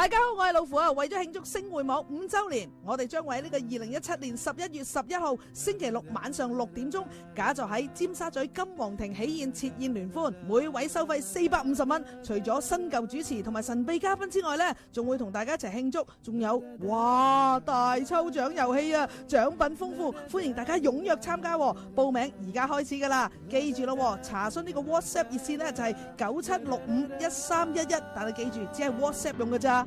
大家好，我係老虎啊！為咗慶祝星匯網五周年，我哋將會喺呢個二零一七年十一月十一號星期六晚上六點鐘，假就喺尖沙咀金皇庭喜宴設宴聯歡。每位收費四百五十蚊。除咗新舊主持同埋神秘嘉賓之外咧，仲會同大家一齊慶祝。仲有哇大抽獎遊戲啊，獎品豐富，歡迎大家踊躍參加。報名而家開始噶啦，記住咯，查詢呢個 WhatsApp 熱線咧就係九七六五一三一一，但係記住只係 WhatsApp 用噶咋。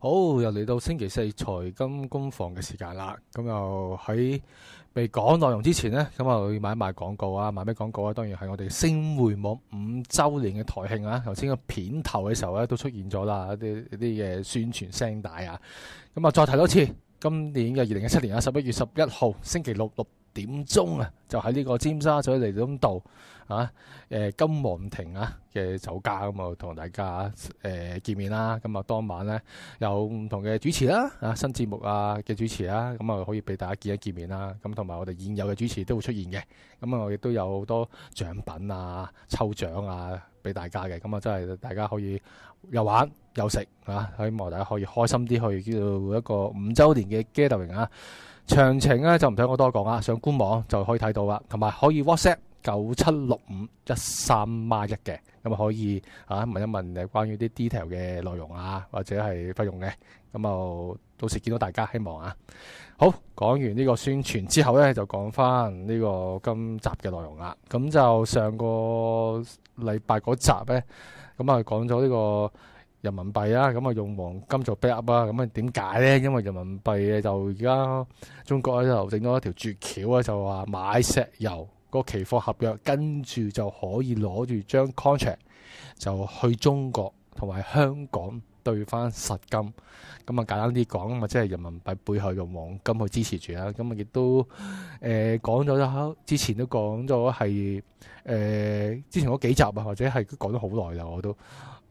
好，又嚟到星期四財金工房嘅時間啦。咁又喺未講內容之前呢，咁啊要買一買廣告啊，買咩廣告啊？當然係我哋星匯網五周年嘅台慶啊。頭先個片頭嘅時候咧、啊，都出現咗啦，一啲一啲嘅宣傳聲帶啊。咁啊，再提多一次，今年嘅二零一七年啊，十一月十一號星期六六，點鐘啊，就喺呢個尖沙咀利東度，啊，誒、呃、金皇庭啊嘅酒家咁啊，同、嗯、大家、呃、見面啦。咁啊，當晚咧有唔同嘅主持啦，啊新節目啊嘅主持啦，咁啊、嗯、我可以俾大家見一見面啦。咁同埋我哋現有嘅主持都會出現嘅。咁、嗯、啊，我亦都有好多獎品啊、抽獎啊俾大家嘅。咁、嗯、啊，真係大家可以又玩又食啊，希望大家可以開心啲去叫做一個五周年嘅 gathering 啊！詳情咧就唔使我多講啦，上官網就可以睇到啦，同埋可以 WhatsApp 九七六五一三孖一嘅，咁啊可以啊問一問誒關於啲 detail 嘅內容啊，或者係費用嘅，咁啊到時見到大家希望啊。好，講完呢個宣傳之後呢，就講翻呢個今集嘅內容啦。咁就上個禮拜嗰集呢，咁啊講咗呢個。人民幣啊，咁啊用黃金做 back up 啊，咁啊點解呢？因為人民幣誒就而家中國咧就整咗一條絕橋啊，就話買石油個期貨合約，跟住就可以攞住張 contract 就去中國同埋香港兌翻實金。咁啊簡單啲講啊嘛，即係人民幣背後用黃金去支持住啊。咁啊亦都誒講咗之前都講咗係誒之前嗰幾集啊，或者係講咗好耐啦，我都。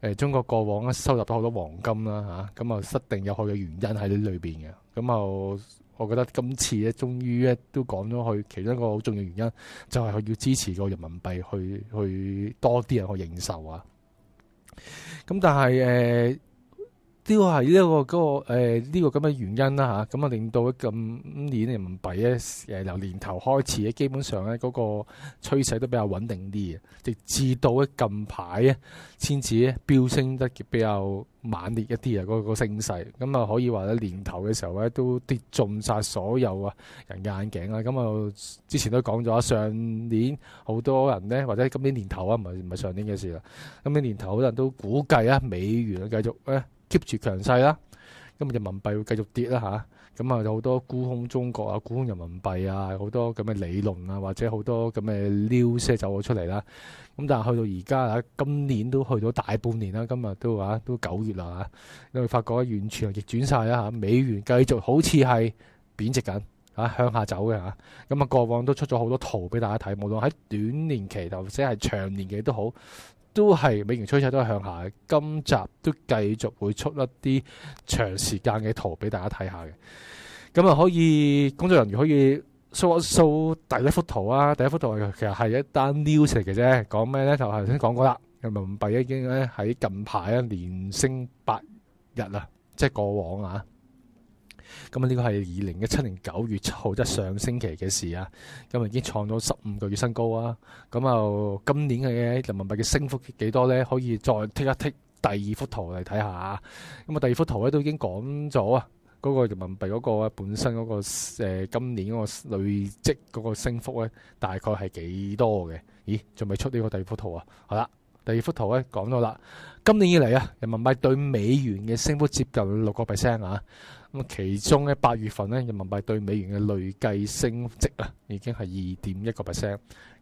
誒，中國過往咧收集到好多黃金啦，吓，咁啊失定有佢嘅原因喺呢裏邊嘅，咁啊，我覺得今次咧，終於咧都講咗佢其中一個好重要的原因，就係佢要支持個人民幣去去多啲人去認受啊，咁但係誒。呃都係呢個嗰、嗰個呢、呃呢個咁嘅原因啦吓，咁啊令到近年人民幣咧由年頭開始咧，基本上咧嗰、嗰個趨勢都比較穩定啲，直至到咧近排咧先至飆升得比較猛烈一啲啊，嗰、嗰個升、嗰個、勢。咁啊可以話咧年頭嘅時候咧都跌中晒所有啊人嘅眼鏡啦。咁啊之前都講咗上年好多人咧，或者今年年頭啊，唔係唔係上年嘅事啦。今年年頭好多人都估計啊美元繼續咧，keep 住強勢啦，今日人民幣會繼續跌啦嚇，咁啊有好多沽空中國啊、沽空人民幣啊，好多咁嘅理論啊，或者好多咁嘅 news 走咗出嚟啦。咁但係去到而家啊，今年都去到大半年啦，今日都啊都九月啦嚇，你會發覺啊，完全逆轉晒啦嚇，美元繼續好似係貶值緊，向下走嘅嚇，咁啊過往都出咗好多圖俾大家睇，無論喺短年期，或者係長年期都好。都係美元趨勢都係向下，今集都繼續會出一啲長時間嘅圖俾大家睇下嘅，咁啊可以工作人員可以 show 一 show 第一幅圖啊，第一幅圖其實係一單 news 嚟嘅啫，講咩呢？就頭先講過啦，人民幣已經咧喺近排啊連升八日啦，即係過往啊。咁啊，呢個係二零一七年九月七號即上星期嘅事啊。咁啊，已經創咗十五個月新高啊。咁啊，今年嘅人民幣嘅升幅幾多呢？可以再剔一剔第二幅圖嚟睇下。咁啊，第二幅圖咧都已經講咗啊，嗰個人民幣嗰個本身嗰個誒、呃，今年嗰個累積嗰個升幅咧，大概係幾多嘅？咦，仲未出呢個第二幅圖啊？好啦，第二幅圖咧講到啦，今年以嚟啊，人民幣對美元嘅升幅接近六個 percent 啊。咁其中咧八月份咧，人民幣對美元嘅累計升值啊，已經係二點一個 percent。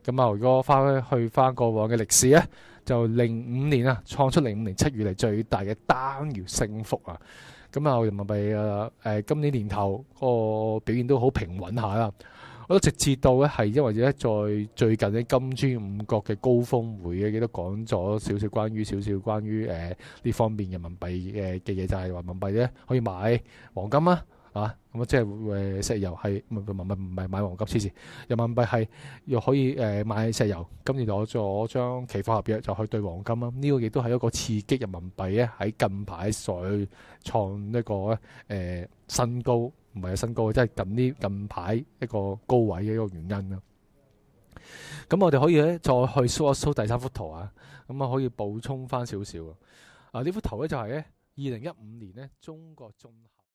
咁啊，如果翻去翻過往嘅歷史咧，就零五年啊，創出零五年七月嚟最大嘅單月升幅啊。咁啊，人民幣啊，誒，今年年頭個表現都好平穩下啦。我覺得直至到咧，係因為咧，在最近呢金磚五國嘅高峰會咧，亦都講咗少少關於少少關於誒呢方面人民幣嘅嘅嘢，就係、是、話人民幣咧可以買黃金啊，咁啊，即係誒石油係唔唔唔唔係買黃金黐線，人民幣係又可以誒買石油。今年攞咗張期貨合約就去兌黃金啦。呢、這個亦都係一個刺激人民幣咧喺近排所創呢、這個誒、呃、新高。唔係有新高即係、就是、近呢近排一個高位嘅一個原因咯。咁我哋可以咧再去 show 一 show 第三幅圖點點啊，咁啊可以補充翻少少啊。啊呢幅圖咧就係咧二零一五年咧中國綜合。